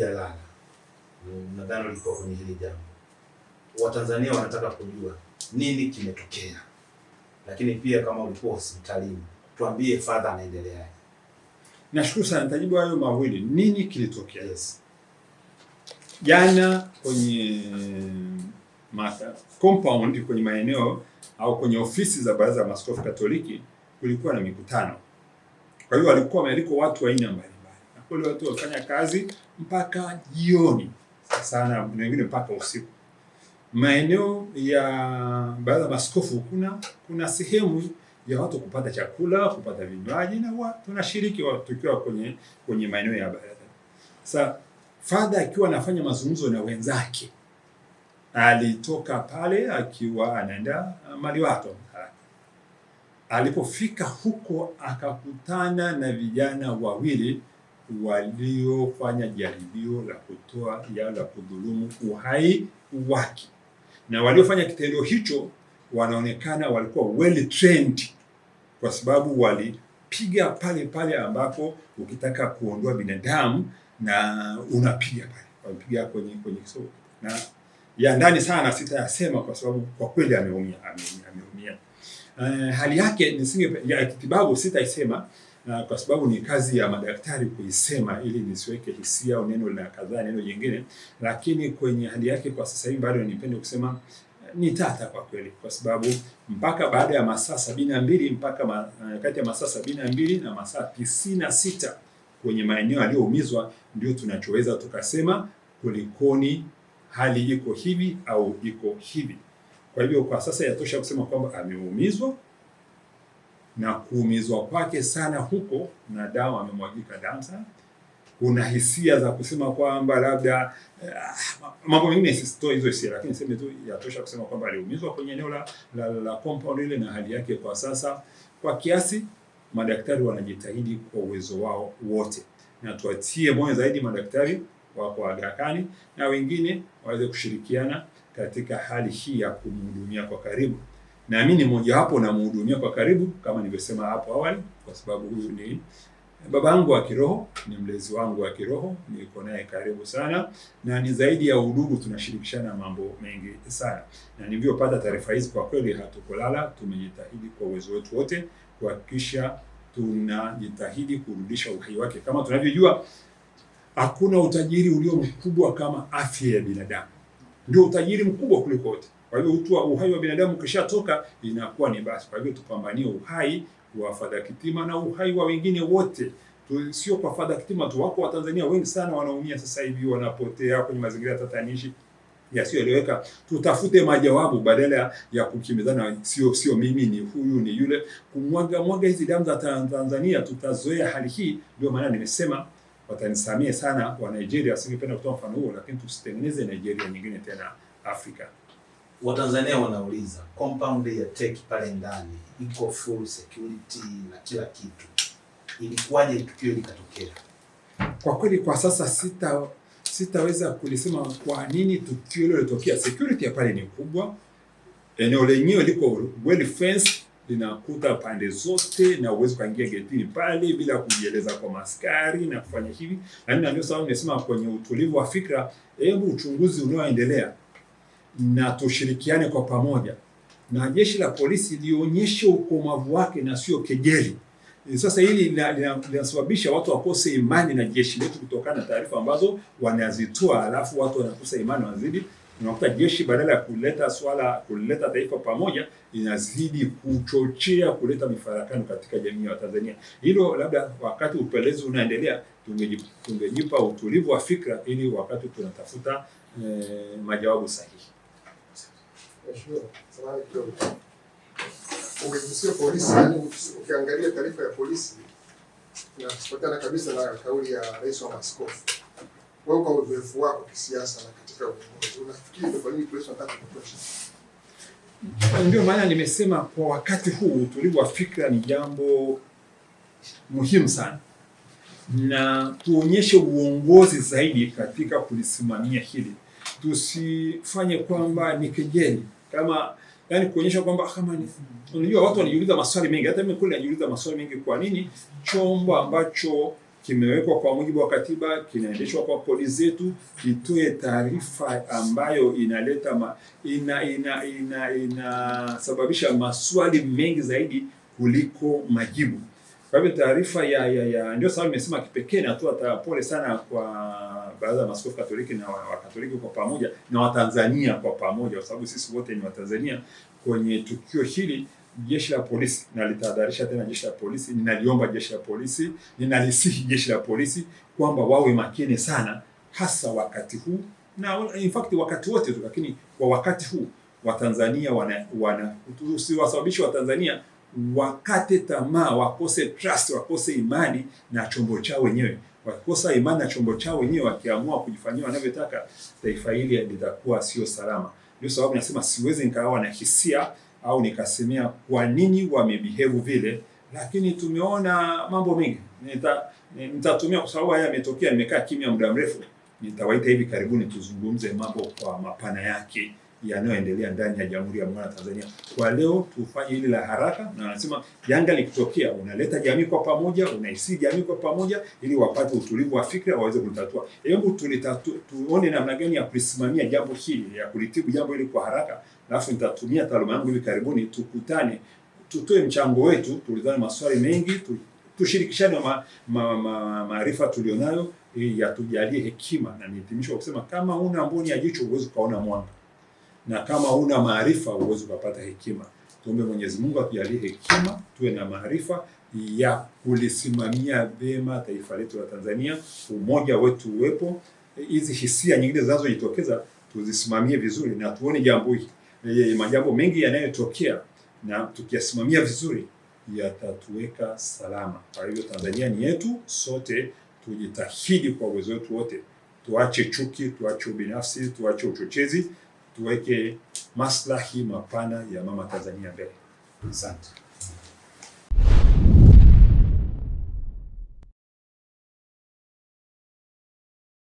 kupiga Lala, mm, nadhani ulikuwa kwenye hili jambo. Watanzania wanataka kujua nini kimetokea, lakini pia kama ulikuwa hospitalini tuambie fadha anaendeleaje. Nashukuru sana, nitajibu hayo mawili. Nini kilitokea? Yes. Jana kwenye mata, compound kwenye maeneo au kwenye ofisi za Baraza la maskofu Katoliki kulikuwa na mikutano, kwa hiyo walikuwa wamealikwa watu wa aina mbalimbali kule watu wafanya kazi mpaka jioni sana, na wengine mpaka usiku. Maeneo ya baadhi ya maskofu kuna kuna sehemu ya watu kupata chakula, kupata vinywaji na watu tunashiriki tukiwa kwenye kwenye maeneo ya baadhi. Sasa Father akiwa anafanya mazungumzo na wenzake alitoka pale akiwa anaenda Maliwato. Alipofika huko akakutana na vijana wawili waliofanya jaribio la kutoa ya la kudhulumu uhai wake, na waliofanya kitendo hicho wanaonekana walikuwa well trained, kwa sababu walipiga pale pale ambapo ukitaka kuondoa binadamu na unapiga pale, walipiga kwenye kwenye kiso na ya ndani sana, sitayasema kwa sababu kwa kweli ameumia, ameumia, ameumia. Uh, hali yake nisinge ya kitibabu sitaisema na kwa sababu ni kazi ya madaktari kuisema ili nisiweke hisia au neno la kadhaa neno jingine, lakini kwenye hali yake kwa sasa hivi bado nipende kusema eh, ni tata kwa kweli, kwa sababu mpaka baada ya masaa sabini na mbili mpaka ma, eh, kati ya masaa sabini na mbili na masaa tisini na sita kwenye maeneo aliyoumizwa ndio tunachoweza tukasema kulikoni, hali iko hivi au iko hivi. Kwa hivyo kwa sasa yatosha kusema kwamba ameumizwa na kuumizwa kwake sana huko na damu, amemwagika damu sana. Kuna hisia za kusema kwamba labda uh, mambo mengine sisitoi hizo hisia, lakini sema tu yatosha kusema kwamba aliumizwa kwenye eneo la, la, la compound ile, na hali yake kwa sasa kwa kiasi, madaktari wanajitahidi kwa uwezo wao wote, na tuatie moyo zaidi madaktari wako Agakani na wengine waweze kushirikiana katika hali hii ya kumhudumia kwa karibu naamini mojawapo namhudumia kwa karibu kama nilivyosema hapo awali, kwa sababu huyu ni baba yangu wa kiroho, ni mlezi wangu wa kiroho, niko naye karibu sana, na ni zaidi ya udugu, tunashirikishana mambo mengi sana. Na nilivyopata taarifa hizi, kwa kweli hatukulala, tumejitahidi kwa uwezo wetu wote kuhakikisha tunajitahidi kurudisha uhai wake. Kama tunavyojua, hakuna utajiri ulio mkubwa kama afya ya binadamu, ndio utajiri mkubwa kuliko wote. Kwa hivyo utu uhai wa binadamu ukishatoka inakuwa ni basi. Kwa hivyo tupambanie uhai wa Fadha Kitima na uhai wa wengine wote, sio kwa Fadha Kitima tu. Wako Watanzania wengi sana wanaumia sasa hivi, wanapotea kwenye mazingira tatanishi yasiyoeleweka. Tutafute majawabu badala ya kukimbizana, sio sio mimi ni huyu ni yule, kumwaga mwaga hizi damu za Tanzania. Tutazoea hali hii, ndio maana nimesema watanisamie sana wa Nigeria. Singependa kutoa mfano huo, lakini tusitengeneze Nigeria nyingine tena Afrika. Watanzania wanauliza compound ya tech pale ndani iko full security na kila kitu, ilikuwaje tukio likatokea? Kwa kweli kwa sasa sita sitaweza kulisema kwa nini tukio hilo lilitokea. Security ya pale ni kubwa, eneo lenyewe liko well fenced, linakuta pande zote na uwezo kaingia getini pale bila kujieleza kwa maskari na kufanya hivi, na ndio sababu nimesema kwenye utulivu wa fikra, hebu uchunguzi unaoendelea na tushirikiane kwa pamoja, na jeshi la polisi lionyeshe ukomavu wake na sio kejeli. E, sasa hili linasababisha watu wakose imani na jeshi letu kutokana na taarifa ambazo wanazitoa, alafu watu wanakosa imani, wanazidi unakuta jeshi badala ya kuleta swala kuleta taifa pamoja inazidi kuchochea kuleta mifarakano katika jamii ya Tanzania. Hilo labda wakati upelelezi unaendelea tungejipa utulivu wa fikra, ili wakati tunatafuta eh, majawabu sahihi. Ukigusia polisi, ukiangalia taarifa ya polisi inafuatana kabisa na kauli ya rais wa maskofu. Wewe kwa uzoefu wako kisiasa na katika uongozi, unafikiri kwa nini polisi wanataka kutosha? Ndio maana nimesema kwa wakati huu utulivu wa fikra ni jambo muhimu sana, na tuonyeshe uongozi zaidi katika kulisimamia hili. Tusifanye kwamba ni kejeli kama yani kuonyesha kwamba ah, kama ni unajua, watu wanajiuliza maswali mengi, hata mimi kule najiuliza maswali mengi, kwa nini chombo ambacho kimewekwa kwa mujibu wa katiba kinaendeshwa kwa kodi zetu kitoe taarifa ambayo inaleta ma, ina ina inasababisha ina, ina maswali mengi zaidi kuliko majibu. Kwa hivyo taarifa ya, ya, ya ndio sababu nimesema kipekee, natoa pole sana kwa Baraza la Maaskofu Katoliki na Wakatoliki kwa pamoja na Watanzania kwa pamoja, kwa sababu sisi wote ni Watanzania. Kwenye tukio hili jeshi la polisi, nalitahadharisha tena jeshi la polisi, ninaliomba jeshi la polisi, ninalisihi jeshi la polisi kwamba wawe makini sana, hasa wakati huu na in fact wakati wote tu, lakini kwa wakati huu Watanzania wana, wana tusiwasababishe Watanzania wakate tamaa, wakose trust, wakose imani na chombo chao wenyewe. Wakikosa imani na chombo chao wenyewe, wakiamua kujifanyia wanavyotaka, taifa hili litakuwa sio salama. Ndio sababu nasema siwezi nikawa na hisia au nikasemea kwa nini wamebehave vile, lakini tumeona mambo mengi. nitatumia kwa sababu haya yametokea, nimekaa kimya muda mrefu. Nitawaita hivi karibuni tuzungumze mambo kwa mapana yake yanayoendelea ndani ya Jamhuri ya Muungano wa Tanzania. Kwa leo tufanye hili la haraka, na anasema janga likitokea, unaleta jamii kwa pamoja, unaisi jamii kwa pamoja, ili wapate utulivu wa fikra waweze kutatua. Hebu tulitatu, tuone namna gani ya kulisimamia jambo hili, ya kulitibu jambo hili kwa haraka, alafu nitatumia taaluma yangu hivi karibuni, tukutane, tutoe mchango wetu, tulizane maswali mengi, tushirikishane ma, ma, ma, ma, tulionayo, yatujalie hekima. Na nihitimisha kusema kama una mboni ya jicho, huwezi ukaona mwanga na kama una maarifa huwezi ukapata hekima. Tuombe Mwenyezi Mungu atujalie hekima, tuwe na maarifa ya kulisimamia vyema taifa letu la Tanzania, umoja wetu uwepo, hizi hisia nyingine zinazojitokeza tuzisimamie vizuri, na tuone jambo hili e, majambo mengi yanayotokea na tukiyasimamia vizuri yatatuweka salama. Kwa hivyo Tanzania ni yetu sote, tujitahidi kwa uwezo wetu wote, tuache chuki, tuache ubinafsi, tuache uchochezi tuweke maslahi mapana ya mama Tanzania mbele. Asante.